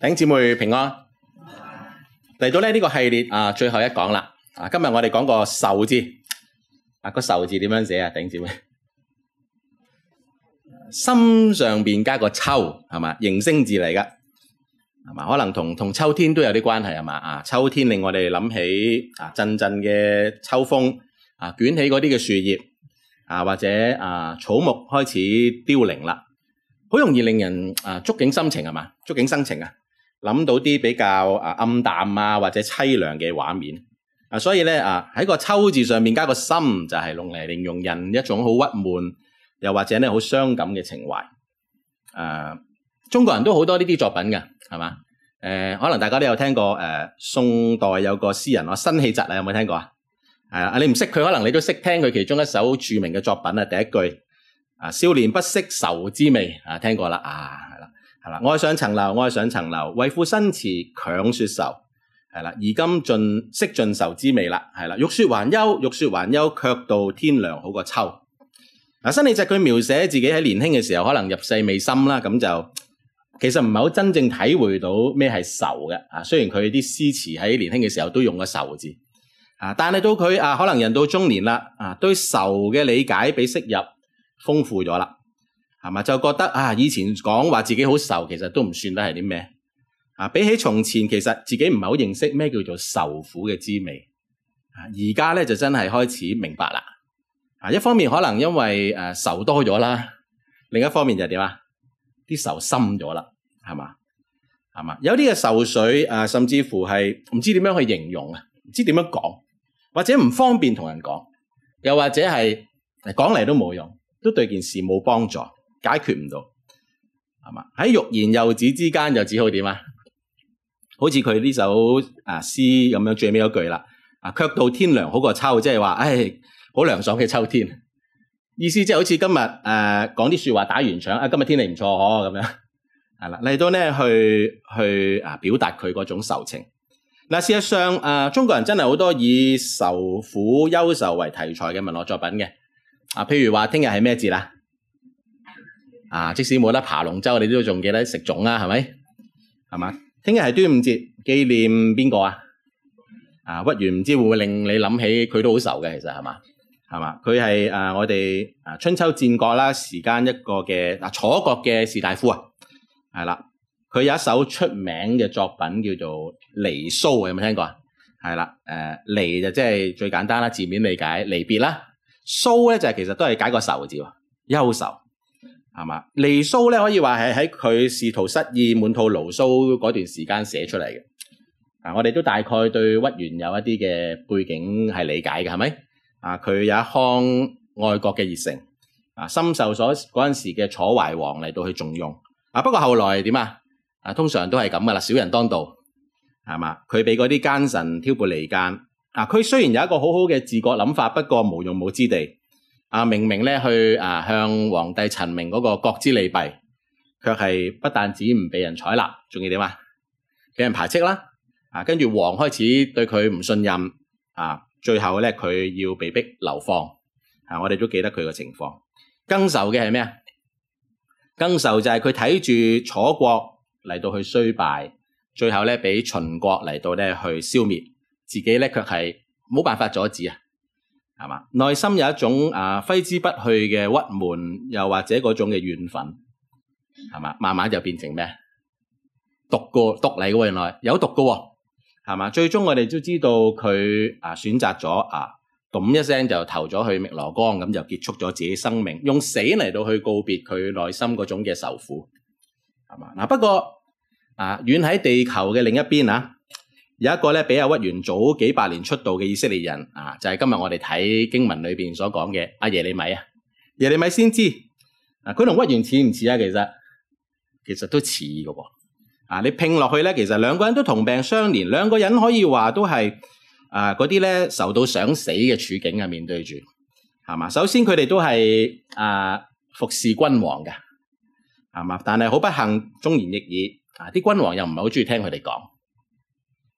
頂姐妹平安，嚟到咧呢個系列啊，最後一講啦。啊，今日我哋講個愁字，啊個愁字點樣寫啊？頂姐妹，心上面加個秋係嘛，形聲字嚟噶，係嘛？可能同同秋天都有啲關係係嘛？啊，秋天令我哋諗起啊，陣陣嘅秋風啊，捲起嗰啲嘅樹葉啊，或者啊草木開始凋零啦，好容易令人啊觸景心情係嘛，觸景生情啊。諗到啲比較啊暗淡啊或者淒涼嘅畫面啊，所以咧啊喺個秋字上面加個心，就係用嚟形容人一種好鬱悶又或者咧好傷感嘅情懷。誒、啊，中國人都好多呢啲作品㗎，係嘛？誒、啊，可能大家都有聽過誒、啊，宋代有個詩人話辛棄疾你有冇聽過啊？係啊，你唔識佢，可能你都識聽佢其中一首著名嘅作品啊。第一句啊，少年不識愁滋味啊，聽過啦啊！係啦，愛上層樓，愛上層樓，為賦新詞強說愁，係啦，而今盡識盡愁滋味啦，係啦，欲說還休，欲說還休，卻道天涼好過秋。嗱，辛棄疾佢描寫自己喺年輕嘅時候，可能入世未深啦，咁就其實唔係好真正體會到咩係愁嘅啊。雖然佢啲詩詞喺年輕嘅時候都用個愁字啊，但係到佢啊，可能人到中年啦啊，對愁嘅理解比昔日豐富咗啦。係嘛？就覺得啊，以前講話自己好愁，其實都唔算得係啲咩啊。比起從前，其實自己唔係好認識咩叫做愁苦嘅滋味。而家咧就真係開始明白啦。啊，一方面可能因為誒愁、啊、多咗啦，另一方面就點啊？啲愁深咗啦，係嘛？係嘛？有啲嘅愁水啊，甚至乎係唔知點樣去形容啊，唔知點樣講，或者唔方便同人講，又或者係講嚟都冇用，都對件事冇幫助。解決唔到，係嘛？喺欲言又止之間，又只好點啊？好似佢呢首啊詩咁樣最尾一句啦，啊，卻道天涼好個秋，即係話，唉，好涼爽嘅秋天。意思即係好似今日誒講啲說話打完場，啊，今日天氣唔錯嗬，咁樣，係啦，嚟到咧去去啊表達佢嗰種愁情。嗱，事實上誒、呃，中國人真係好多以愁苦憂愁為題材嘅文學作品嘅，啊，譬如話聽日係咩節啦？啊！即使冇得爬龍舟，你都仲記得食粽啊？係咪？係嘛吧？聽日係端午節，紀念邊個啊？啊，屈原唔知會唔會令你諗起佢都好愁嘅，其實係嘛？係嘛？佢係誒我哋誒春秋戰國啦，時間一個嘅嗱、啊、楚國嘅士大夫啊，係啦。佢有一首出名嘅作品叫做《離騷》，有冇聽過啊？係啦，誒離就即係最簡單啦，字面理解離別啦。騷咧就係其實都係解個愁字，憂愁。係嘛？離騷咧可以話係喺佢仕途失意、滿肚牢騷嗰段時間寫出嚟嘅。嗱、啊，我哋都大概對屈原有一啲嘅背景係理解嘅，係咪？啊，佢有一腔愛國嘅熱誠，啊，深受所嗰陣時嘅楚懷王嚟到去重用。啊，不過後來點啊？啊，通常都係咁噶啦，小人當道，係嘛？佢俾嗰啲奸臣挑撥離間。啊，佢雖然有一個好好嘅治國諗法，不過無用武之地。啊，明明咧去啊向皇帝陳明嗰個國之利弊，卻係不但止唔俾人採納，仲要點啊？俾人排斥啦！啊，跟住王開始對佢唔信任啊，最後咧佢要被逼流放啊！我哋都記得佢嘅情況。更愁嘅係咩啊？更愁就係佢睇住楚國嚟到去衰敗，最後咧俾秦國嚟到咧去消滅，自己咧卻係冇辦法阻止啊！係嘛？內心有一種啊揮之不去嘅鬱悶，又或者嗰種嘅怨憤，係嘛？慢慢就變成咩？毒過毒嚟嘅，原來有毒嘅，係嘛？最終我哋都知道佢啊選擇咗啊，咚、啊、一聲就投咗去汨羅江，咁就結束咗自己生命，用死嚟到去告別佢內心嗰種嘅愁苦，係嘛？嗱、啊，不過啊，遠喺地球嘅另一邊啊。有一個咧，比阿屈原早幾百年出道嘅以色列人啊，就係今日我哋睇經文裏邊所講嘅阿耶利米啊。耶利米先知啊，佢同屈原似唔似啊？其實其實都似嘅喎。啊，你拼落去咧，其實兩個人都同病相憐，兩個人可以話都係啊，嗰啲咧受到想死嘅處境啊面對住係嘛。首先佢哋都係啊服侍君王嘅係嘛，但係好不幸忠言逆耳，啊，啲君王又唔係好中意聽佢哋講。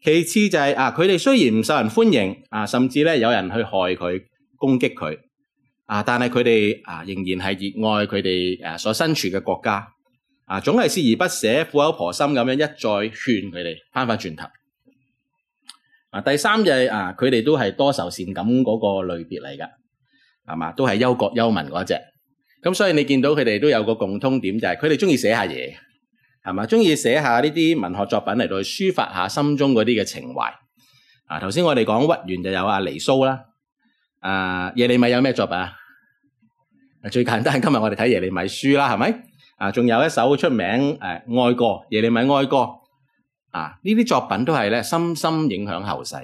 其次就係、是、啊，佢哋雖然唔受人歡迎啊，甚至咧有人去害佢、攻擊佢啊，但係佢哋啊仍然係熱愛佢哋誒所身處嘅國家啊，總係鍥而不捨、苦口婆心咁樣一再勸佢哋翻返轉頭啊。第三就係、是、啊，佢哋都係多愁善感嗰個類別嚟㗎，係嘛？都係憂國憂民嗰隻。咁所以你見到佢哋都有個共通點，就係佢哋中意寫下嘢。係嘛，中意寫下呢啲文學作品嚟到去抒發下心中嗰啲嘅情懷。啊，頭先我哋講屈原就有阿離騷啦。啊，耶利米有咩作品啊？最簡單，今日我哋睇耶利米書啦，係咪？啊，仲有一首出名誒、啊、哀歌，耶利米哀歌。啊，呢啲作品都係咧深深影響後世。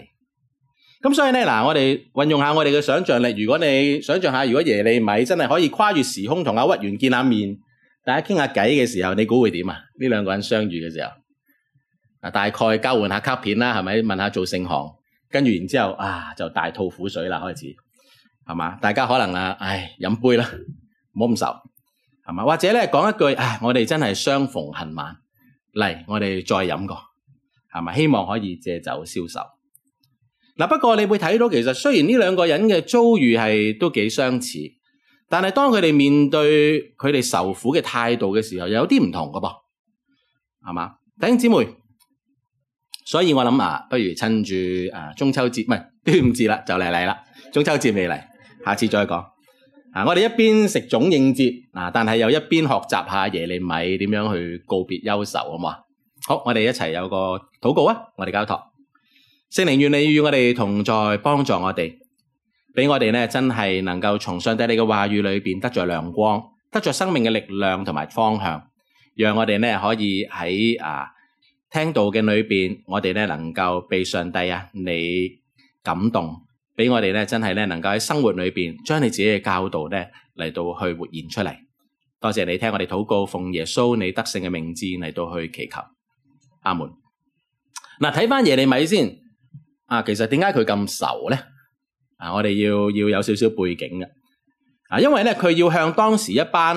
咁所以咧嗱，我哋運用下我哋嘅想像力，如果你想像下，如果耶利米真係可以跨越時空同阿屈原見下面。大家傾下偈嘅時候，你估會點啊？呢兩個人相遇嘅時候，啊，大概交換下卡片啦，係咪？問下做盛行，跟住然之後啊，就大吐苦水啦，開始係嘛？大家可能啊，唉，飲杯啦，唔好咁愁係嘛？或者咧講一句，唉，我哋真係相逢恨晚，嚟，我哋再飲過係咪？希望可以借酒消愁。嗱、啊，不過你會睇到，其實雖然呢兩個人嘅遭遇係都幾相似。但係當佢哋面對佢哋受苦嘅態度嘅時候，有啲唔同噶噃，係嘛，弟兄姊妹，所以我諗啊，不如趁住啊中秋節唔係端午節啦，就嚟嚟啦，中秋節未嚟，下次再講啊。我哋一邊食粽應節啊，但係又一邊學習下耶利米點樣去告別憂愁啊嘛。好，我哋一齊有個禱告啊，我哋交託聖靈，願你與我哋同在，幫助我哋。俾我哋咧，真係能夠從上帝你嘅話語裏邊得著亮光，得著生命嘅力量同埋方向，讓我哋咧可以喺啊聽道嘅裏邊，我哋咧能夠被上帝啊你感動，俾我哋咧真係咧能夠喺生活裏邊將你自己嘅教導咧嚟到去活現出嚟。多謝你聽我哋禱告，奉耶穌你得勝嘅名字嚟到去祈求，阿門。嗱，睇翻耶利米先，啊，其實點解佢咁愁咧？啊！我哋要要有少少背景嘅，啊，因為咧佢要向當時一班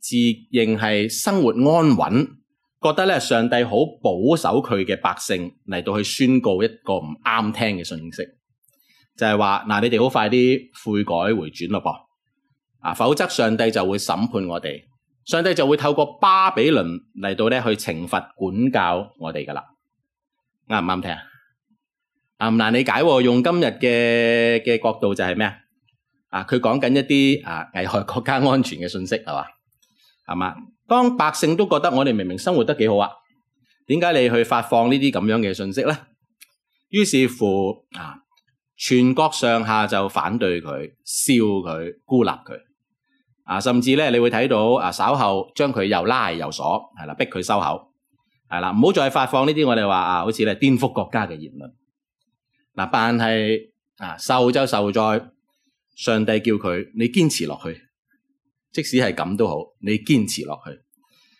自認係生活安穩、覺得咧上帝好保守佢嘅百姓嚟到去宣告一個唔啱聽嘅訊息，就係話，嗱，你哋好快啲悔改回轉咯噃，啊，否則上帝就會審判我哋，上帝就會透過巴比倫嚟到咧去懲罰管教我哋噶啦，啱唔啱聽啊？啊，唔難理解，用今日嘅嘅角度就係咩啊？啊，佢講緊一啲啊危害國家安全嘅信息，係嘛？係嘛？當百姓都覺得我哋明明生活得幾好啊，點解你去發放呢啲咁樣嘅信息咧？於是乎啊，全國上下就反對佢，燒佢，孤立佢啊，甚至咧你會睇到啊稍後將佢又拉又鎖係啦，逼佢收口係啦，唔好再發放呢啲我哋話啊，好似咧顛覆國家嘅言論。嗱，但係啊，受就受在上帝叫佢，你堅持落去，即使係咁都好，你堅持落去。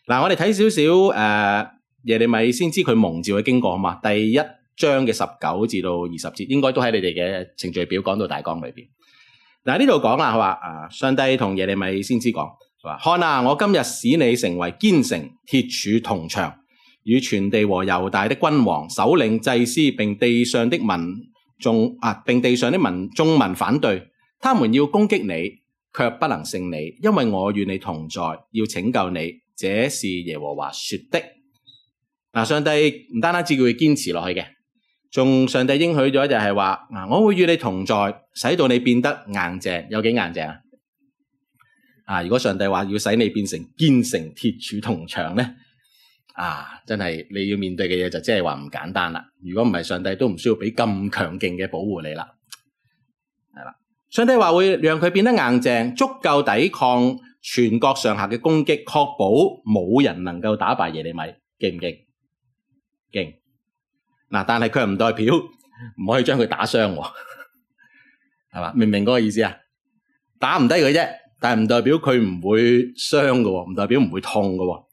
嗱、啊，我哋睇少少誒，耶利米先知佢蒙召嘅經過啊嘛，第一章嘅十九至到二十節，應該都喺你哋嘅程序表講到大綱裏邊。嗱、啊，呢度講啦，佢話啊，上帝同耶利米先知講，話看啊，我今日使你成為堅城鐵柱銅牆。與全地和猶大的君王、首領、祭司，並地上的民眾啊，並地上的民眾民反對，他們要攻擊你，却不能勝你，因為我與你同在，要拯救你。這是耶和華說的。嗱、啊，上帝唔單單只叫佢堅持落去嘅，仲上帝應許咗就係話、啊，我會與你同在，使到你變得硬淨，有幾硬淨啊？啊，如果上帝話要使你變成堅城鐵柱銅牆呢？啊！真係你要面對嘅嘢就即係話唔簡單啦。如果唔係上帝都唔需要俾咁強勁嘅保護你啦，係啦。上帝話會讓佢變得硬淨，足夠抵抗全國上下嘅攻擊，確保冇人能夠打敗耶利米，勁唔勁？勁嗱、啊，但係佢又唔代表唔可以將佢打傷、啊，係嘛？明唔明嗰個意思啊？打唔低佢啫，但係唔代表佢唔會傷噶、哦，唔代表唔會痛噶、哦。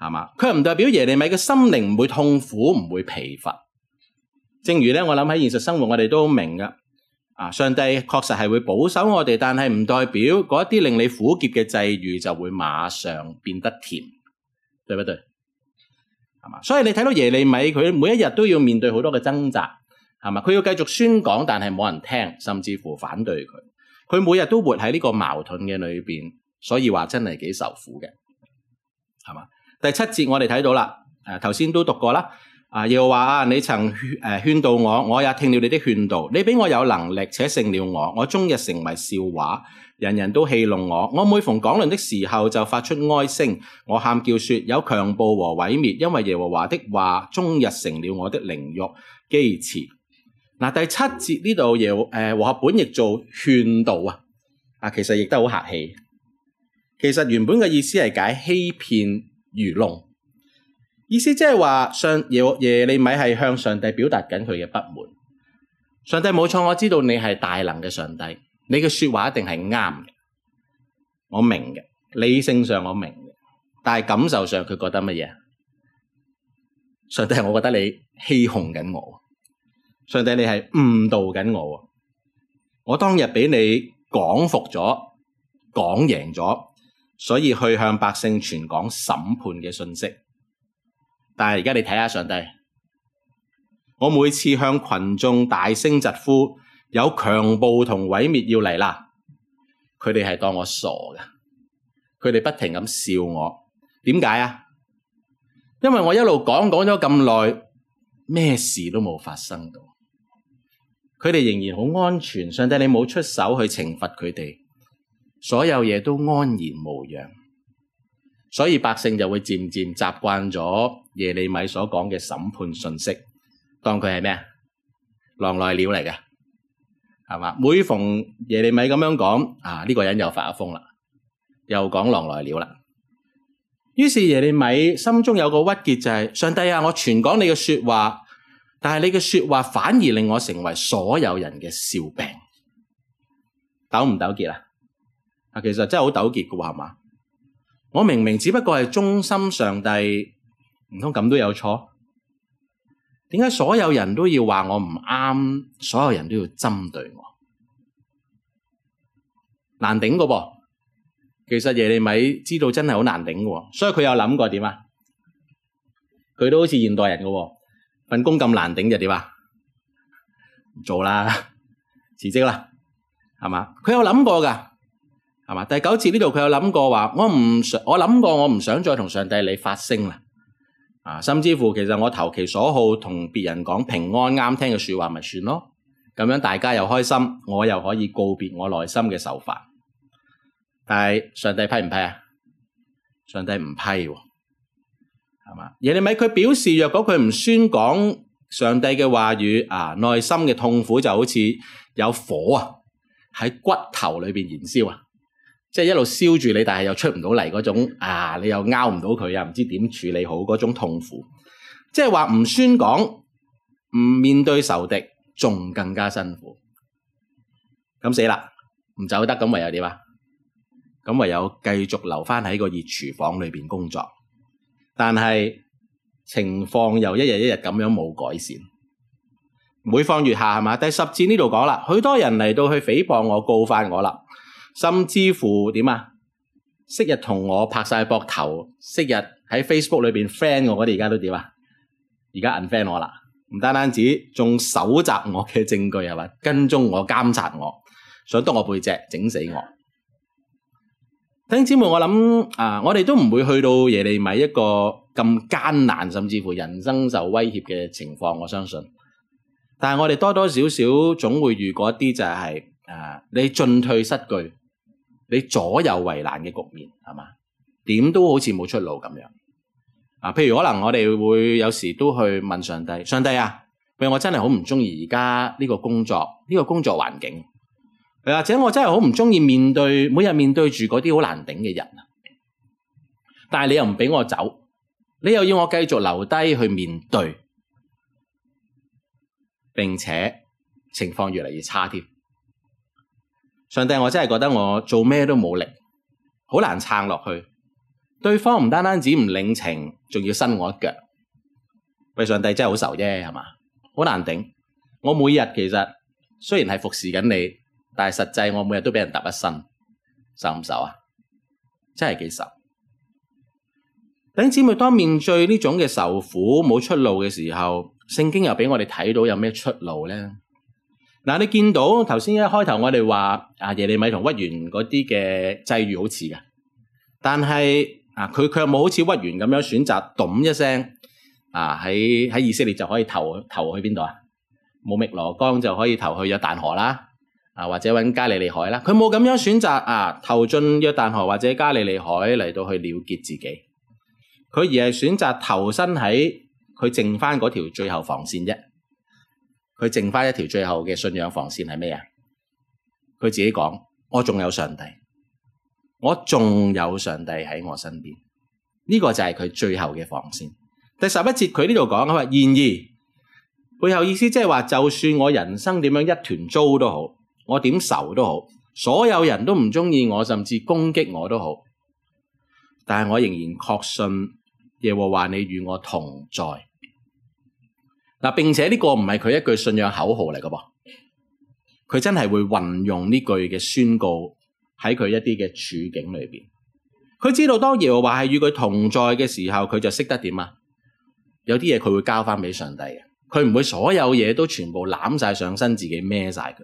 係嘛？佢唔代表耶利米嘅心靈唔會痛苦，唔會疲乏。正如咧，我諗喺現實生活，我哋都明噶。啊，上帝確實係會保守我哋，但係唔代表嗰啲令你苦澀嘅際遇就會馬上變得甜，對不對？係嘛？所以你睇到耶利米佢每一日都要面對好多嘅掙扎，係嘛？佢要繼續宣講，但係冇人聽，甚至乎反對佢。佢每日都活喺呢個矛盾嘅裏邊，所以話真係幾受苦嘅，係嘛？第七節我哋睇到啦，誒頭先都讀過啦，啊耶和華啊，你曾勸誒、呃、勸導我，我也聽了你的勸導，你比我有能力且勝了我，我終日成為笑話，人人都戲弄我，我每逢講論的時候就發出哀聲，我喊叫說有強暴和毀滅，因為耶和華的話終日成了我的凌辱、譏刺。嗱、啊、第七節呢度耶誒和合本亦做勸導啊，啊其實亦都好客氣，其實原本嘅意思係解欺騙。愚弄，意思即係話上耶耶利米係向上帝表達緊佢嘅不滿。上帝冇錯，我知道你係大能嘅上帝，你嘅說話一定係啱嘅，我明嘅。理性上我明嘅，但係感受上佢覺得乜嘢？上帝，我覺得你欺哄緊我，上帝，你係誤導緊我。我當日俾你講服咗，講贏咗。所以去向百姓傳講審判嘅信息，但係而家你睇下，上帝，我每次向群眾大聲疾呼，有強暴同毀滅要嚟啦，佢哋係當我傻㗎，佢哋不停咁笑我，點解啊？因為我一路講講咗咁耐，咩事都冇發生到，佢哋仍然好安全。上帝，你冇出手去懲罰佢哋。所有嘢都安然無恙，所以百姓就會漸漸習慣咗耶利米所講嘅審判信息，當佢係咩啊？狼來了嚟嘅，係嘛？每逢耶利米咁樣講，啊呢、呢個人又發阿瘋啦，又講狼來了啦。於是耶利米心中有個鬱結，就是，就係上帝啊！我全講你嘅說話，但係你嘅說話反而令我成為所有人嘅笑柄，抖唔抖結啊？啊，其實真係好糾結噶喎，係嘛？我明明只不過係忠心上帝，唔通咁都有錯？點解所有人都要話我唔啱？所有人都要針對我？難頂噶噃！其實耶利米知道真係好難頂噶喎，所以佢有諗過點啊？佢都好似現代人噶喎，份工咁難頂就點啊？唔做啦，辭職啦，係嘛？佢有諗過噶。係嘛？第九次呢度佢有諗過話，我唔想我諗過我唔想再同上帝你發聲啦，啊，甚至乎其實我投其所好同別人講平安啱聽嘅說話咪算咯，咁樣大家又開心，我又可以告別我內心嘅受罰。但係上帝批唔批啊？上帝唔批，啊，係嘛？耶利米佢表示，若果佢唔宣講上帝嘅話語，啊，內心嘅痛苦就好似有火啊喺骨頭裏邊燃燒啊！即係一路燒住你，但係又出唔到嚟嗰種啊！你又拗唔到佢啊，又唔知點處理好嗰種痛苦。即係話唔宣講，唔面對仇敵，仲更加辛苦。咁死啦，唔走得咁唯有點啊？咁唯有繼續留翻喺個熱廚房裏邊工作，但係情況又一日一日咁樣冇改善。每況愈下係嘛？第十節呢度講啦，許多人嚟到去誹謗我，告翻我啦。甚至乎點啊？昔日同我拍晒膊頭，昔日喺 Facebook 裏邊 friend 我，friend 我哋而家都點啊？而家 unfriend 我啦，唔單單止，仲搜集我嘅證據係嘛？跟蹤我、監察我，想篤我背脊整死我。弟兄姊妹，我諗啊，我哋都唔會去到耶利米一個咁艱難，甚至乎人生受威脅嘅情況，我相信。但係我哋多多少少總會遇過一啲就係、是、啊，你進退失據。你左右為難嘅局面係嘛？點都好似冇出路咁樣啊！譬如可能我哋會有時都去問上帝：上帝啊，譬如我真係好唔中意而家呢個工作，呢、呢個工作環境，或者我真係好唔中意面對每日面對住嗰啲好難頂嘅人。但係你又唔俾我走，你又要我繼續留低去面對，並且情況越嚟越差添。上帝，我真係覺得我做咩都冇力，好難撐落去。對方唔單單止唔領情，仲要伸我一腳。喂，上帝真係好愁啫，係嘛？好難頂。我每日其實雖然係服侍緊你，但係實際我每日都俾人揼一身，受唔受啊？真係幾愁。弟兄姊妹，當面對呢種嘅愁苦冇出路嘅時候，聖經又俾我哋睇到有咩出路咧？嗱，你見到頭先一開頭我哋話啊耶利米同屈原嗰啲嘅際遇好似㗎，但係啊佢佢冇好似屈原咁樣選擇咚一聲啊喺喺以色列就可以投投去邊度啊？冇汨羅江就可以投去約旦河啦，啊或者揾加利利海啦，佢冇咁樣選擇啊投進約旦河或者加利利海嚟到去了結自己，佢而係選擇投身喺佢剩翻嗰條最後防線啫。佢剩翻一條最後嘅信仰防線係咩啊？佢自己講：我仲有上帝，我仲有上帝喺我身邊。呢個就係佢最後嘅防線。第十一節佢呢度講：佢話，然而背後意思即係話，就算我人生點樣一團糟都好，我點愁都好，所有人都唔中意我，甚至攻擊我都好，但係我仍然確信耶和華你與我同在。嗱，並且呢個唔係佢一句信仰口號嚟嘅噃，佢真係會運用呢句嘅宣告喺佢一啲嘅處境裏邊。佢知道當耶和華係與佢同在嘅時候，佢就識得點啊？有啲嘢佢會交翻俾上帝嘅，佢唔會所有嘢都全部攬晒上身，自己孭晒佢。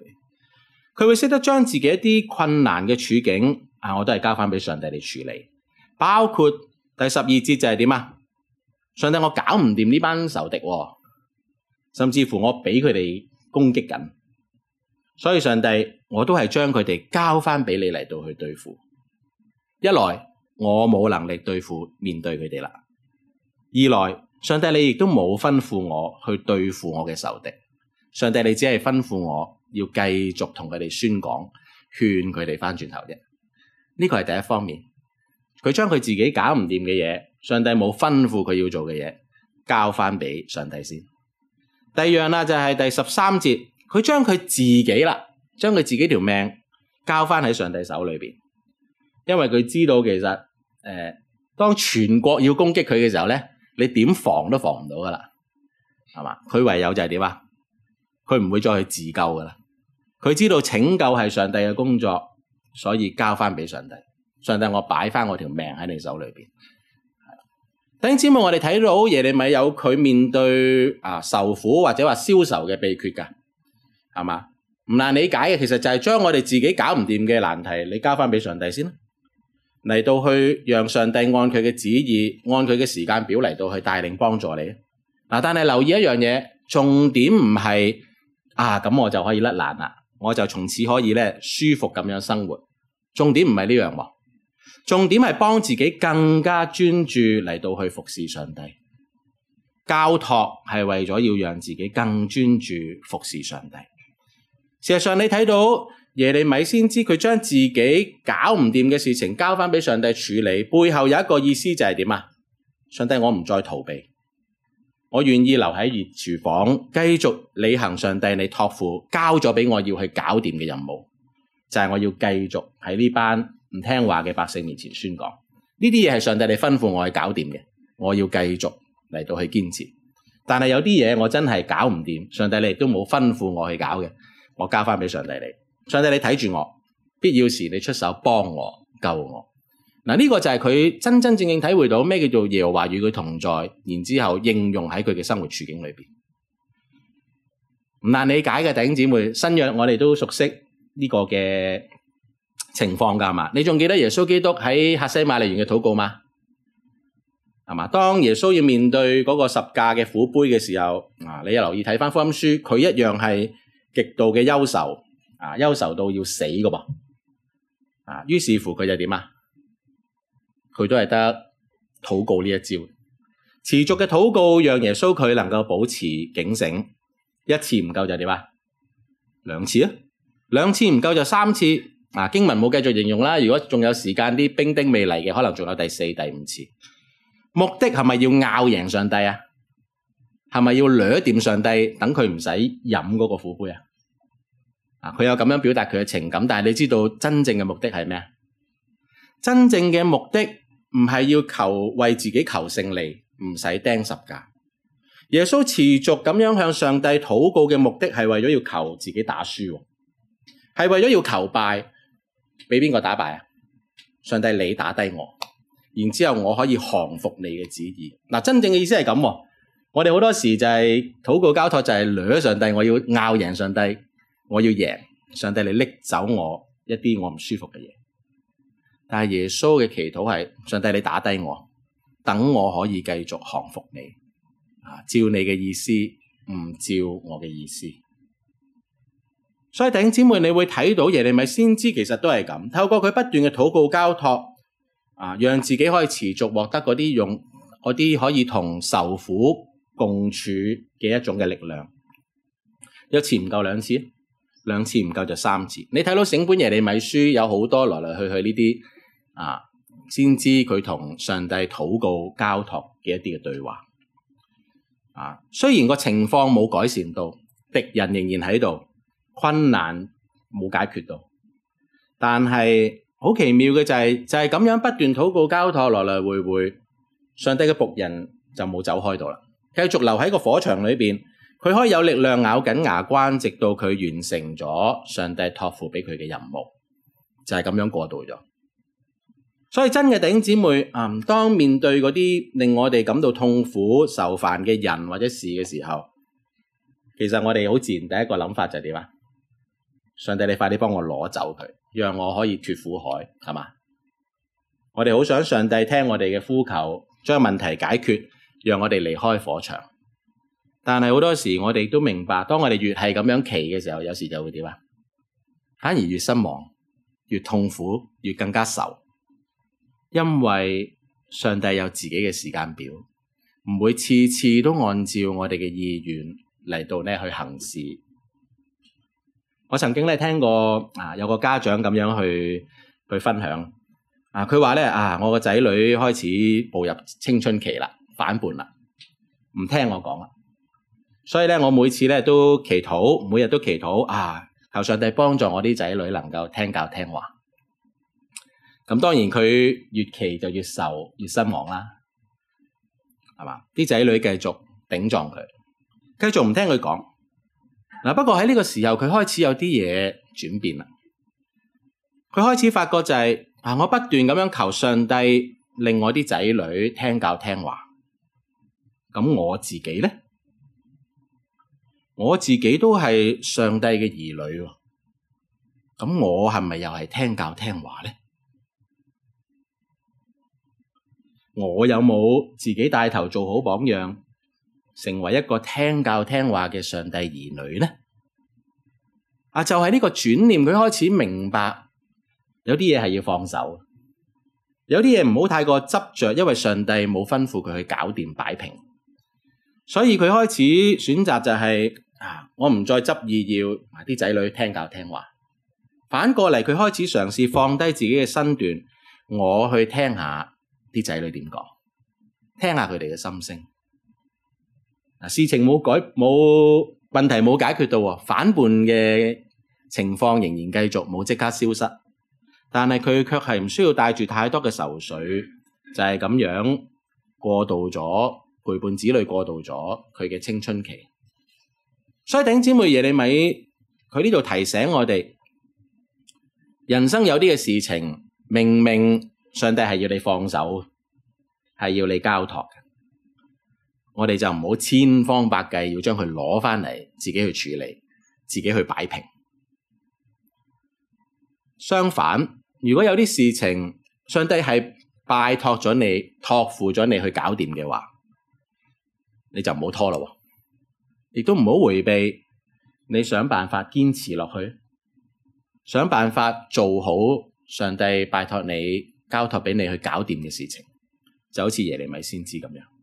佢會識得將自己一啲困難嘅處境，啊，我都係交翻俾上帝嚟處理。包括第十二節就係點啊？上帝，我搞唔掂呢班仇敵啊。甚至乎我俾佢哋攻擊緊，所以上帝我都係將佢哋交翻俾你嚟到去對付。一來我冇能力對付面對佢哋啦；二來上帝你亦都冇吩咐我去對付我嘅仇敵。上帝你只係吩咐我要繼續同佢哋宣講，勸佢哋翻轉頭啫。呢個係第一方面，佢將佢自己搞唔掂嘅嘢，上帝冇吩咐佢要做嘅嘢，交翻俾上帝先。第二樣啦，就係第十三節，佢將佢自己啦，將佢自己條命交翻喺上帝手裏邊，因為佢知道其實誒、呃，當全國要攻擊佢嘅時候咧，你點防都防唔到噶啦，係嘛？佢唯有就係點啊？佢唔會再去自救噶啦，佢知道拯救係上帝嘅工作，所以交翻俾上帝。上帝，我擺翻我條命喺你手裏邊。等之嘛，我哋睇到耶利米有佢面對啊受苦或者話消愁嘅秘訣噶，係嘛？唔難理解嘅。其實就係將我哋自己搞唔掂嘅難題，你交翻俾上帝先，嚟到去讓上帝按佢嘅旨意，按佢嘅時間表嚟到去帶領幫助你。啊，但係留意一樣嘢，重點唔係啊，咁我就可以甩難啦，我就從此可以咧舒服咁樣生活。重點唔係呢樣喎。重點係幫自己更加專注嚟到去服侍上帝，交托係為咗要讓自己更專注服侍上帝。事實上，你睇到耶利米先知佢將自己搞唔掂嘅事情交翻俾上帝處理，背後有一個意思就係點啊？上帝，我唔再逃避，我願意留喺熱廚房繼續履行上帝你託付交咗俾我要去搞掂嘅任務，就係、是、我要繼續喺呢班。唔聽話嘅百姓面前宣講，呢啲嘢係上帝你吩咐我去搞掂嘅，我要繼續嚟到去堅持。但係有啲嘢我真係搞唔掂，上帝你都冇吩咐我去搞嘅，我交翻俾上帝你。上帝你睇住我，必要時你出手幫我救我。嗱、這、呢個就係佢真真正正體，體會到咩叫做耶和華與佢同在，然之後應用喺佢嘅生活處境裏邊，唔難理解嘅。弟兄姊妹，新約我哋都熟悉呢個嘅情況噶嘛？你仲記得耶穌基督喺客西馬尼園嘅禱告嗎？係嘛？當耶穌要面對嗰個十架嘅苦杯嘅時候，啊，你又留意睇返福音書，佢一樣係極度嘅憂愁，啊，憂愁到要死噶噃，啊，於是乎佢就點啊？佢都係得禱告呢一招，持續嘅禱告讓耶穌佢能夠保持警醒。一次唔夠就點啊？兩次啊？兩次唔夠就三次。啊，經文冇繼續形容啦，如果仲有時間啲兵丁未嚟嘅，可能仲有第四、第五次。目的係咪要拗贏上帝啊？係咪要掠掂上帝，等佢唔使飲嗰個苦杯啊？啊，佢有咁樣表達佢嘅情感，但係你知道真正嘅目的係咩？真正嘅目的唔係要求為自己求勝利，唔使釘十架。耶穌持續咁樣向上帝禱告嘅目的係為咗要求自己打輸，係為咗要求敗。俾邊個打敗啊？上帝，你打低我，然之後我可以降服你嘅旨意。嗱，真正嘅意思係咁，我哋好多時就係、是、禱告交託、就是，就係掠上帝，我要拗贏上帝，我要贏上帝，你拎走我一啲我唔舒服嘅嘢。但係耶穌嘅祈禱係，上帝你打低我，等我可以繼續降服你，啊，照你嘅意思，唔照我嘅意思。所以弟兄姐妹，你會睇到耶利米先知其實都係咁，透過佢不斷嘅禱告交託，啊，讓自己可以持續獲得嗰啲用嗰啲可以同受苦共處嘅一種嘅力量。一次唔夠兩次，兩次唔夠就三次。你睇到整本耶利米書有好多來來去去呢啲啊，先知佢同上帝禱告交託嘅一啲嘅對話啊，雖然個情況冇改善到，敵人仍然喺度。困難冇解決到，但係好奇妙嘅就係就係咁樣不斷禱告交託來來回回，上帝嘅僕人就冇走開到啦，繼續留喺個火場裏邊，佢可以有力量咬緊牙關，直到佢完成咗上帝託付俾佢嘅任務，就係咁樣過渡咗。所以真嘅弟兄姊妹，嗯，當面對嗰啲令我哋感到痛苦受煩嘅人或者事嘅時候，其實我哋好自然第一個諗法就係點啊？上帝，你快啲幫我攞走佢，讓我可以脫苦海，係嘛？我哋好想上帝聽我哋嘅呼求，將問題解決，讓我哋離開火場。但係好多時，我哋都明白，當我哋越係咁樣祈嘅時候，有時就會點啊？反而越失望，越痛苦，越更加愁。因為上帝有自己嘅時間表，唔會次次都按照我哋嘅意願嚟到呢去行事。我曾經咧聽過啊，有個家長咁樣去去分享啊，佢話咧啊，我個仔女開始步入青春期啦，反叛啦，唔聽我講啦。所以咧，我每次咧都祈禱，每日都祈禱啊，求上帝幫助我啲仔女能夠聽教聽話。咁、啊、當然佢越祈就越受越失望啦，係嘛？啲仔女繼續頂撞佢，繼續唔聽佢講。嗱，不過喺呢個時候，佢開始有啲嘢轉變啦。佢開始發覺就係，啊，我不斷咁樣求上帝，令我啲仔女聽教聽話。咁我自己咧，我自己都係上帝嘅兒女喎。咁我係咪又係聽教聽話咧？我有冇自己帶頭做好榜樣？成為一個聽教聽話嘅上帝兒女呢，啊，就係呢個轉念，佢開始明白有啲嘢係要放手，有啲嘢唔好太過執着，因為上帝冇吩咐佢去搞掂擺平，所以佢開始選擇就係啊，我唔再執意要啲仔女聽教聽話。反過嚟，佢開始嘗試放低自己嘅身段，我去聽下啲仔女點講，聽下佢哋嘅心聲。事情冇改，冇問題，冇解決到。反叛嘅情況仍然繼續，冇即刻消失，但係佢卻係唔需要帶住太多嘅愁緒，就係、是、咁樣過渡咗，陪伴子女過渡咗佢嘅青春期。所以頂姊妹耶利米佢呢度提醒我哋，人生有啲嘅事情，明明上帝係要你放手，係要你交託。我哋就唔好千方百計要將佢攞翻嚟，自己去處理，自己去擺平。相反，如果有啲事情，上帝係拜託咗你，託付咗你去搞掂嘅話，你就唔好拖咯，亦都唔好回避。你想辦法堅持落去，想辦法做好上帝拜託你交託俾你去搞掂嘅事情，就好似耶利米先知咁樣。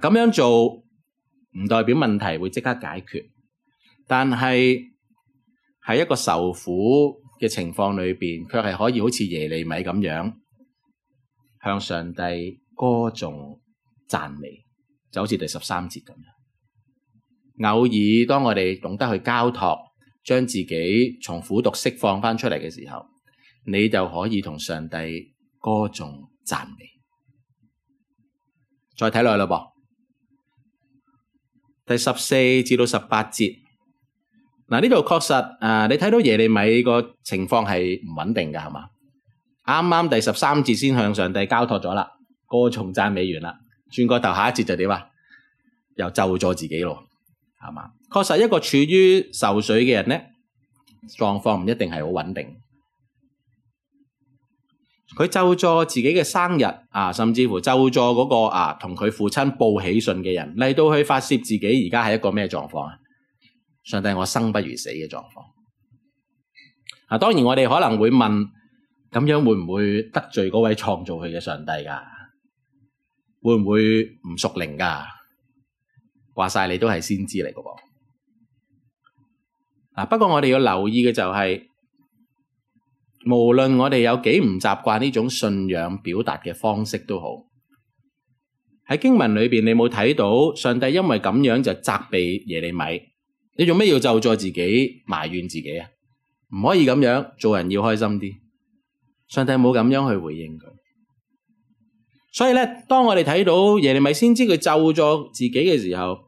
咁樣做唔代表問題會即刻解決，但係喺一個受苦嘅情況裏邊，卻係可以好似耶利米咁樣向上帝歌頌讚美，就好似第十三節咁樣。偶爾當我哋懂得去交託，將自己從苦毒釋放翻出嚟嘅時候，你就可以同上帝歌頌讚美。再睇落去啦，噃。第十四至到十八節，嗱呢度確實啊、呃，你睇到耶利米個情況係唔穩定噶，係嘛？啱啱第十三節先向上帝交託咗啦，歌頌讚美完啦，轉過頭下一節就點啊？又咒咗自己咯，係嘛？確實一個處於受水嘅人呢，狀況唔一定係好穩定。佢就助自己嘅生日啊，甚至乎就助嗰個啊，同佢父親報喜訊嘅人嚟，到去發洩自己而家係一個咩狀況啊？上帝，我生不如死嘅狀況。啊，當然我哋可能會問，咁樣會唔會得罪嗰位創造佢嘅上帝噶？會唔會唔屬靈噶？話晒你都係先知嚟噶噃。嗱，不過我哋要留意嘅就係。無論我哋有幾唔習慣呢種信仰表達嘅方式都好，喺經文裏邊你冇睇到上帝因為咁樣就責備耶利米，你做咩要咒詛自己埋怨自己啊？唔可以咁樣，做人要開心啲。上帝冇咁樣去回應佢，所以咧，當我哋睇到耶利米先知佢咒詛自己嘅時候，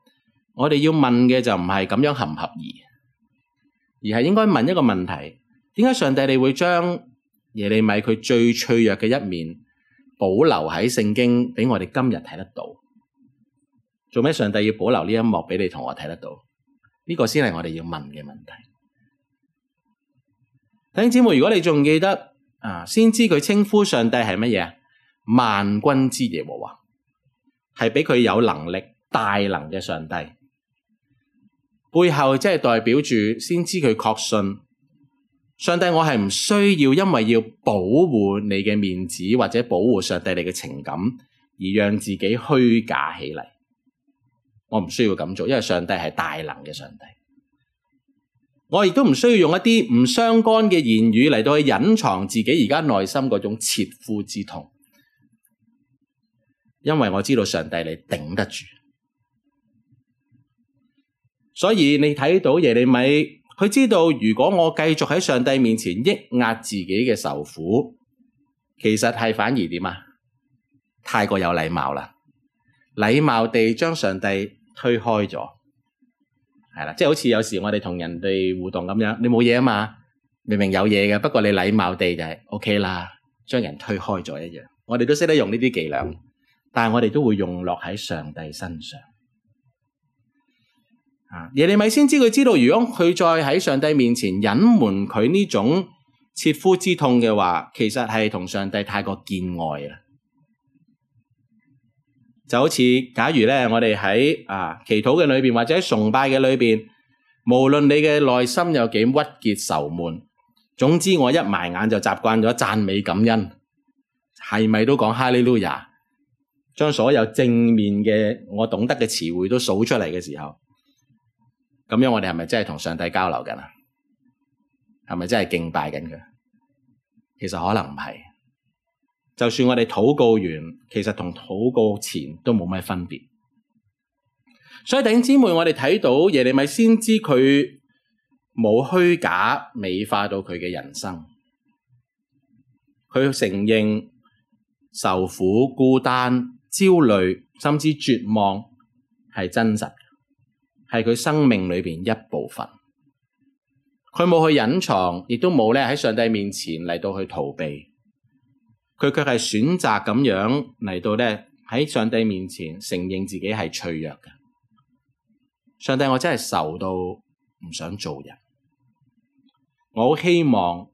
我哋要問嘅就唔係咁樣合唔合宜，而係應該問一個問題。點解上帝你會將耶利米佢最脆弱嘅一面保留喺聖經俾我哋今日睇得到？做咩上帝要保留呢一幕俾你同我睇得到？呢個先係我哋要問嘅問題。弟兄姊妹，如果你仲記得啊，先知佢稱呼上帝係乜嘢？萬軍之耶和華係俾佢有能力大能嘅上帝，背後即係代表住先知佢確信。上帝，我係唔需要因為要保護你嘅面子或者保護上帝你嘅情感而讓自己虛假起嚟。我唔需要咁做，因為上帝係大能嘅上帝。我亦都唔需要用一啲唔相干嘅言語嚟到去隱藏自己而家內心嗰種切膚之痛，因為我知道上帝你頂得住。所以你睇到耶利米。佢知道，如果我繼續喺上帝面前抑壓自己嘅仇苦，其實係反而點啊？太過有禮貌啦，禮貌地將上帝推開咗。係啦，即係好似有時我哋同人哋互動咁樣，你冇嘢啊嘛？明明有嘢嘅，不過你禮貌地就係 OK 啦，將人推開咗一樣。我哋都識得用呢啲伎倆，但係我哋都會用落喺上帝身上。耶利米先知佢知道，如果佢再喺上帝面前隱瞞佢呢種切膚之痛嘅話，其實係同上帝太過見外啦。就好似假如咧，我哋喺啊祈禱嘅裏邊或者喺崇拜嘅裏邊，無論你嘅內心有幾鬱結愁悶，總之我一埋眼就習慣咗讚美感恩，係咪都講哈利路亞，將所有正面嘅我懂得嘅詞彙都數出嚟嘅時候。咁樣我哋係咪真係同上帝交流緊啊？係咪真係敬拜緊佢？其實可能唔係。就算我哋禱告完，其實同禱告前都冇咩分別。所以頂姊妹，我哋睇到耶利米先知佢冇虛假美化到佢嘅人生，佢承認受苦、孤單、焦慮，甚至絕望係真實。係佢生命裏邊一部分，佢冇去隱藏，亦都冇咧喺上帝面前嚟到去逃避，佢卻係選擇咁樣嚟到咧喺上帝面前承認自己係脆弱嘅。上帝，我真係愁到唔想做人，我好希望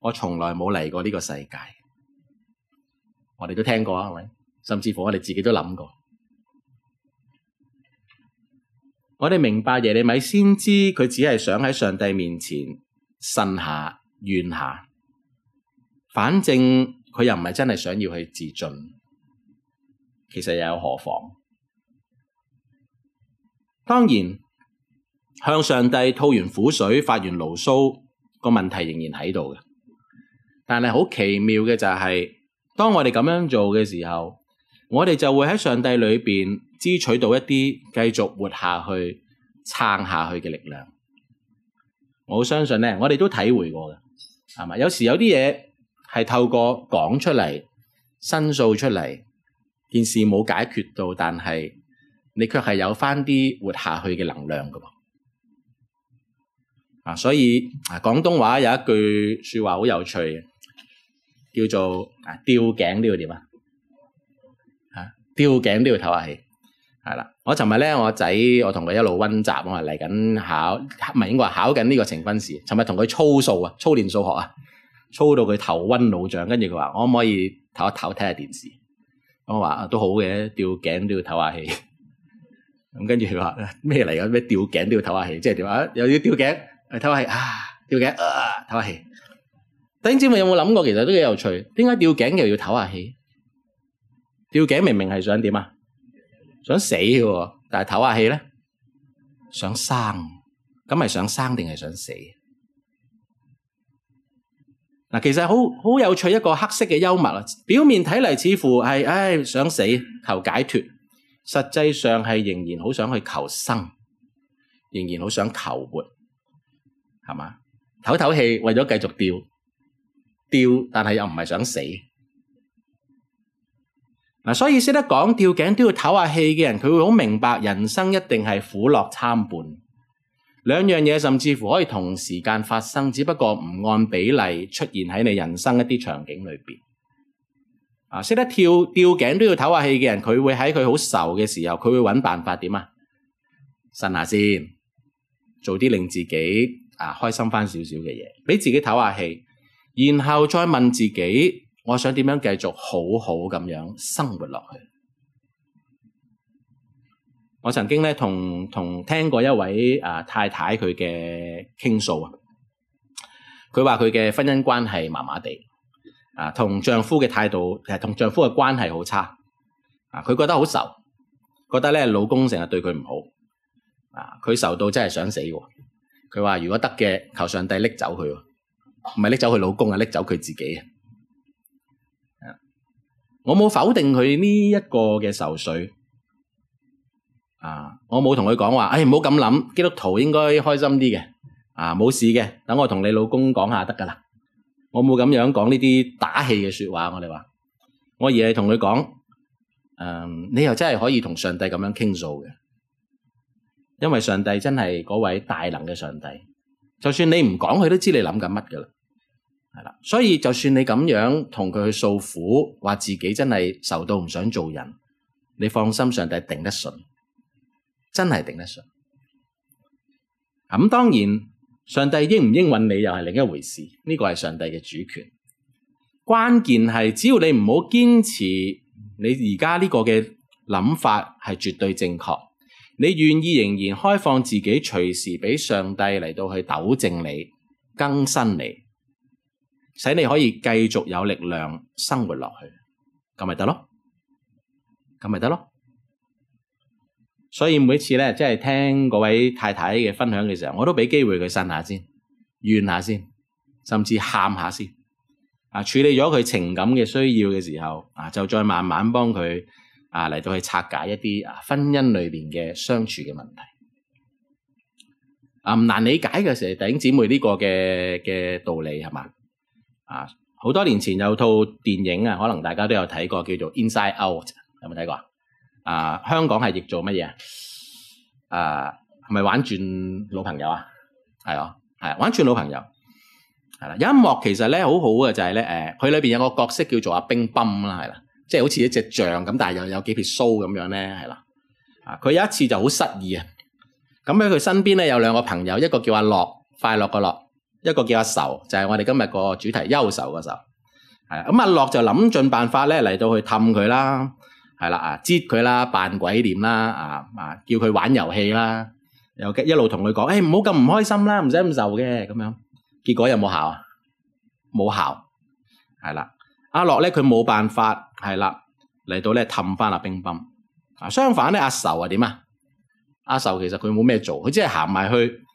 我從來冇嚟過呢個世界。我哋都聽過啊，係咪？甚至乎我哋自己都諗過。我哋明白耶利米先知，佢只係想喺上帝面前呻下怨下，反正佢又唔係真係想要去自盡，其實又有何妨？當然向上帝吐完苦水、發完牢騷，個問題仍然喺度嘅。但係好奇妙嘅就係、是，當我哋咁樣做嘅時候。我哋就會喺上帝裏邊支取到一啲繼續活下去、撐下去嘅力量。我相信咧，我哋都體會過嘅，係嘛？有時有啲嘢係透過講出嚟、申訴出嚟，件事冇解決到，但係你卻係有翻啲活下去嘅能量嘅喎。啊，所以啊，廣東話有一句説話好有趣嘅，叫做啊吊頸都要點啊？吊頸都要唞下氣，係啦。我尋日咧，我仔，我同佢一路温習，我話嚟緊考，唔係應該話考緊呢個呈分試。尋日同佢操數啊，操練數學啊，操到佢頭暈腦脹，跟住佢話：可唔可以唞一唞，睇下電視？我、啊、話都好嘅，吊頸都要唞下氣。咁跟住佢話咩嚟嘅？咩吊頸都要唞下氣，即係點啊？又要吊頸，唞下氣啊！吊頸啊，唞下氣。弟兄姊妹有冇諗過？其實都幾有趣，點解吊頸又要唞下氣？吊頸明明係想點啊？想死嘅，但係唞下氣咧，想生，咁係想生定係想死？嗱，其實好好有趣一個黑色嘅幽默啊！表面睇嚟，似乎係，唉，想死求解脱，實際上係仍然好想去求生，仍然好想求活，係嘛？唞唞氣，為咗繼續吊吊，但係又唔係想死。嗱，所以識得講吊頸都要唞下氣嘅人，佢會好明白人生一定係苦樂參半，兩樣嘢甚至乎可以同時間發生，只不過唔按比例出現喺你人生一啲場景裏邊。啊，識得跳吊頸都要唞下氣嘅人，佢會喺佢好愁嘅時候，佢會揾辦法點啊？呻下先，做啲令自己啊開心翻少少嘅嘢，俾自己唞下氣，然後再問自己。我想點樣繼續好好咁樣生活落去？我曾經咧同同聽過一位啊太太佢嘅傾訴啊，佢話佢嘅婚姻關係麻麻地啊，同丈夫嘅態度，同、啊、丈夫嘅關係好差啊，佢覺得好愁，覺得咧老公成日對佢唔好啊，佢愁到真係想死嘅。佢、啊、話如果得嘅，求上帝拎走佢，唔係拎走佢老公啊，拎走佢自己啊。我冇否定佢呢一個嘅愁緒，啊，我冇同佢講話，誒、哎，唔好咁諗，基督徒應該開心啲嘅，啊，冇事嘅，等我同你老公講下得噶啦，我冇咁樣講呢啲打氣嘅說話，我哋話，我而係同佢講，嗯，你又真係可以同上帝咁樣傾訴嘅，因為上帝真係嗰位大能嘅上帝，就算你唔講，佢都知你諗緊乜噶啦。所以就算你咁樣同佢去訴苦，話自己真係受到唔想做人，你放心，上帝頂得順，真係頂得順。咁當然，上帝應唔應允你又係另一回事。呢個係上帝嘅主權，關鍵係只要你唔好堅持你而家呢個嘅諗法係絕對正確，你願意仍然開放自己，隨時俾上帝嚟到去糾正你、更新你。使你可以繼續有力量生活落去，咁咪得咯，咁咪得咯。所以每次咧，即係聽嗰位太太嘅分享嘅時候，我都俾機會佢呻下先，怨下先，甚至喊下先。啊，處理咗佢情感嘅需要嘅時候，啊，就再慢慢幫佢啊嚟到去拆解一啲啊婚姻裏邊嘅相處嘅問題。啊，唔難理解嘅，弟兄姐妹呢個嘅嘅道理係嘛？啊，好多年前有套電影啊，可能大家都有睇過，叫做 Inside Out，有冇睇過啊？啊，香港係譯做乜嘢啊？係咪玩轉老朋友啊？係咯、啊，係、啊、玩轉老朋友。係啦、啊，音樂其實咧好好嘅就係咧，誒、呃，佢裏邊有個角色叫做阿冰崩啦，係啦、啊，即係好似一隻象咁，但係又有幾撇鬚咁樣咧，係啦、啊。啊，佢有一次就好失意啊，咁喺佢身邊咧有兩個朋友，一個叫阿樂，快樂個樂。一個叫阿愁，就係我哋今日個主題憂愁個愁，係咁阿樂就諗盡辦法咧嚟到去氹佢啦，係啦啊，折佢啦，扮鬼臉啦，啊啊，啊，叫佢玩遊戲啦，又一路同佢講，誒，唔好咁唔開心啦，唔使咁愁嘅咁樣，結果有冇效啊？冇效，係啦，阿樂咧佢冇辦法，係啦嚟到咧氹翻阿冰冰，啊相反咧阿愁啊點啊？阿愁其實佢冇咩做，佢只係行埋去。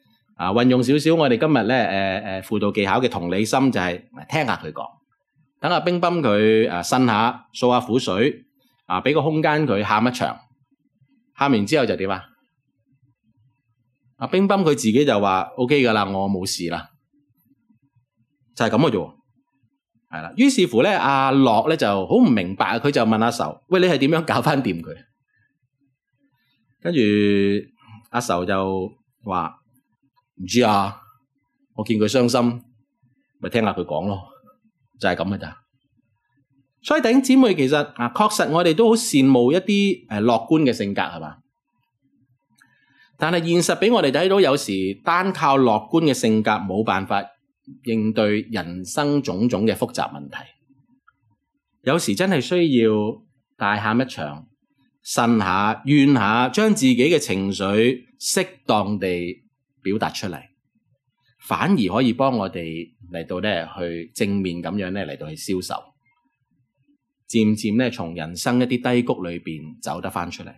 啊！運用少少，我哋今日咧，誒、呃、誒輔導技巧嘅同理心就係聽下佢講，等阿、啊、冰冰佢誒呻下，訴下苦水，啊，俾個空間佢喊一場，喊完之後就點啊？阿冰冰佢自己就話 O K 噶啦，我冇事啦，就係咁嘅啫，係啦。於是乎咧，阿樂咧就好唔明白，佢就問阿、啊、愁：喂，你係點樣搞翻掂佢？跟住阿愁就話。唔知啊，我見佢傷心，咪聽下佢講咯，就係咁嘅咋。所以弟兄姊妹其實啊，確實我哋都好羨慕一啲誒樂觀嘅性格係嘛，但係現實俾我哋睇到，有時單靠樂觀嘅性格冇辦法應對人生種種嘅複雜問題，有時真係需要大喊一場，呻下怨下，將自己嘅情緒適當地。表達出嚟，反而可以幫我哋嚟到咧去正面咁樣咧嚟到去消愁，漸漸咧從人生一啲低谷裏邊走得返出嚟。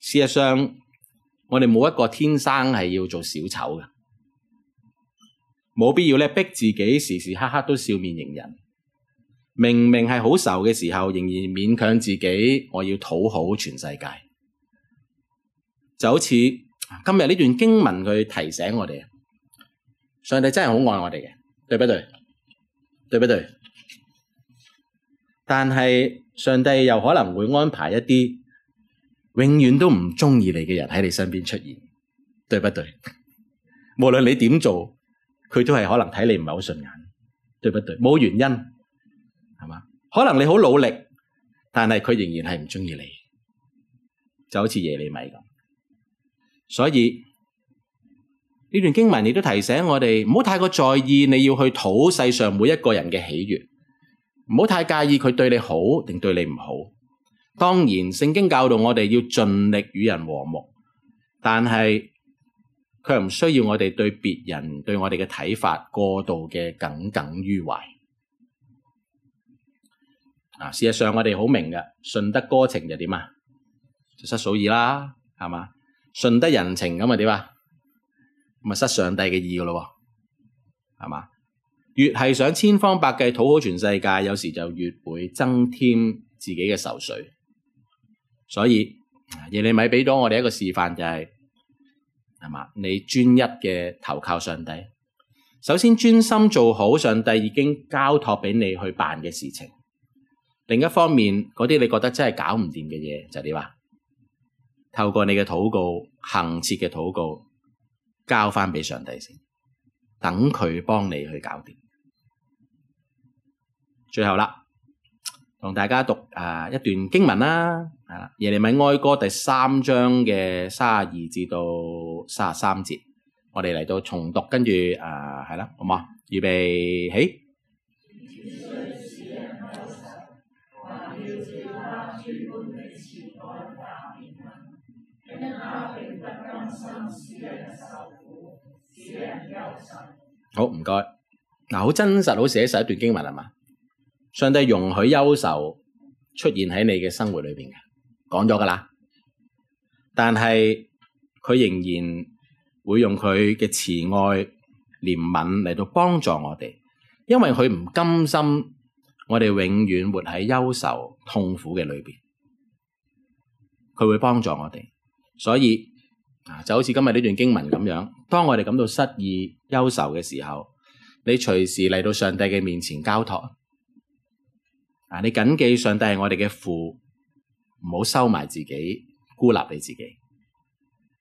事實上，我哋冇一個天生係要做小丑嘅，冇必要咧逼自己時時刻刻都笑面迎人。明明係好愁嘅時候，仍然勉強自己我要討好全世界，就好似。今日呢段經文，佢提醒我哋，上帝真係好愛我哋嘅，對不對？對不對？但係上帝又可能會安排一啲永遠都唔中意你嘅人喺你身邊出現，對不對？無論你點做，佢都係可能睇你唔係好順眼，對不對？冇原因，係咪？可能你好努力，但係佢仍然係唔中意你，就好似耶利米咁。所以呢段經文，亦都提醒我哋，唔好太過在意你要去討世上每一個人嘅喜悅，唔好太介意佢對你好定對你唔好。當然，聖經教導我哋要盡力與人和睦，但係佢唔需要我哋對別人對我哋嘅睇法過度嘅耿耿於懷。啊，事實上我哋好明嘅，順得哥情就點啊，就失嫂意啦，係嘛？.順得人情咁啊？點啊？咪失上帝嘅意咯，係嘛？越係想千方百計討好全世界，有時就越會增添自己嘅愁緒。所以耶利米俾咗我哋一個示範，就是，就係係嘛？你專一嘅投靠上帝，首先專心做好上帝已經交託俾你去辦嘅事情。另一方面，嗰啲你覺得真係搞唔掂嘅嘢，就係點啊？透過你嘅禱告，恆切嘅禱告，交翻俾上帝先，等佢幫你去搞掂。最後啦，同大家讀啊、呃、一段經文啦，係啦，耶利米哀歌第三章嘅卅二至到卅三節，我哋嚟到重讀，跟住啊係啦，好唔好，預備起。好唔該，嗱，好真實，好寫實一段經文係嘛？上帝容許憂愁出現喺你嘅生活裏邊嘅，講咗噶啦。但係佢仍然會用佢嘅慈愛憐憫嚟到幫助我哋，因為佢唔甘心我哋永遠活喺憂愁痛苦嘅裏邊，佢會幫助我哋，所以。啊，就好似今日呢段經文咁樣，當我哋感到失意、憂愁嘅時候，你隨時嚟到上帝嘅面前交託。啊，你謹記上帝係我哋嘅父，唔好收埋自己，孤立你自己。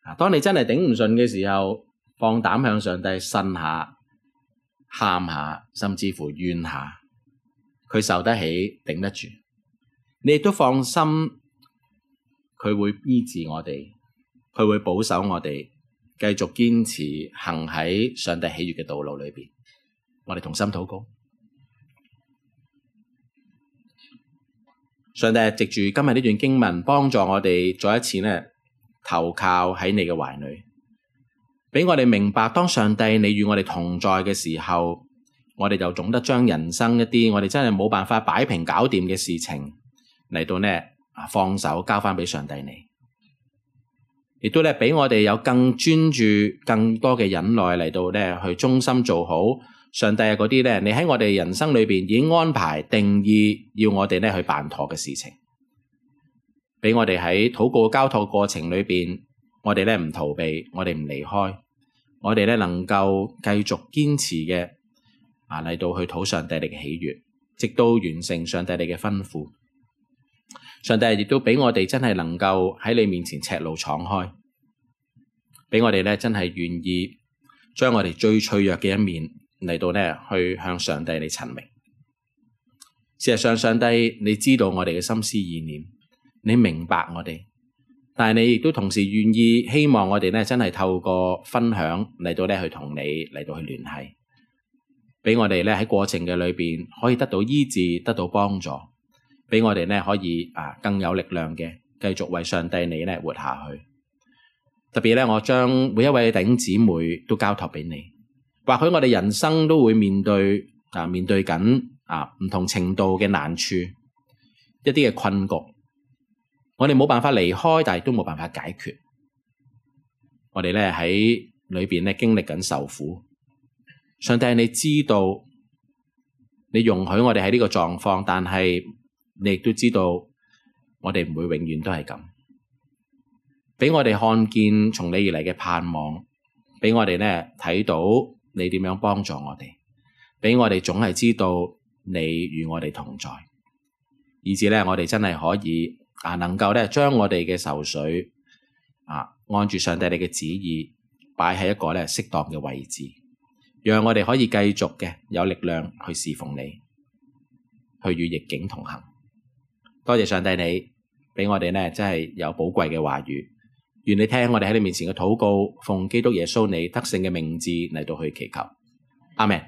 啊，當你真係頂唔順嘅時候，放膽向上帝呻下、喊下，甚至乎怨下，佢受得起、頂得住，你亦都放心，佢會醫治我哋。佢會保守我哋，繼續堅持行喺上帝喜悅嘅道路裏邊。我哋同心禱告，上帝藉住今日呢段經文，幫助我哋再一次呢投靠喺你嘅懷裏，俾我哋明白，當上帝你與我哋同在嘅時候，我哋就總得將人生一啲我哋真係冇辦法擺平搞掂嘅事情嚟到呢，放手交翻，俾上帝你。亦都咧，俾我哋有更專注、更多嘅忍耐嚟到咧，去忠心做好上帝嗰啲咧。你喺我哋人生裏邊已經安排、定義要我哋咧去辦妥嘅事情，俾我哋喺禱告交託過程裏邊，我哋咧唔逃避，我哋唔離開，我哋咧能夠繼續堅持嘅啊，嚟到去討上帝你嘅喜悦，直到完成上帝你嘅吩咐。上帝亦都俾我哋真係能夠喺你面前赤露敞開，俾我哋咧真係願意將我哋最脆弱嘅一面嚟到咧去向上帝嚟陳明。事實上，上帝你知道我哋嘅心思意念，你明白我哋，但係你亦都同時願意希望我哋咧真係透過分享嚟到咧去同你嚟到去聯繫，俾我哋咧喺過程嘅裏邊可以得到醫治，得到幫助。俾我哋咧可以啊更有力量嘅繼續為上帝你咧活下去。特別咧，我將每一位弟兄姊妹都交託俾你。或許我哋人生都會面對啊面對緊啊唔同程度嘅難處，一啲嘅困局，我哋冇辦法離開，但係都冇辦法解決。我哋咧喺裏邊咧經歷緊受苦，上帝你知道，你容許我哋喺呢個狀況，但係。你亦都知道，我哋唔會永遠都係咁，俾我哋看見從你而嚟嘅盼望，俾我哋咧睇到你點樣幫助我哋，俾我哋總係知道你與我哋同在，以至咧我哋真係可以啊，能夠咧將我哋嘅愁緒啊按住上帝你嘅旨意擺喺一個咧適當嘅位置，讓我哋可以繼續嘅有力量去侍奉你，去與逆境同行。多謝上帝你畀我哋呢真係有寶貴嘅話語。願你聽我哋喺你面前嘅禱告，奉基督耶穌你得勝嘅名字嚟到去祈求。阿明。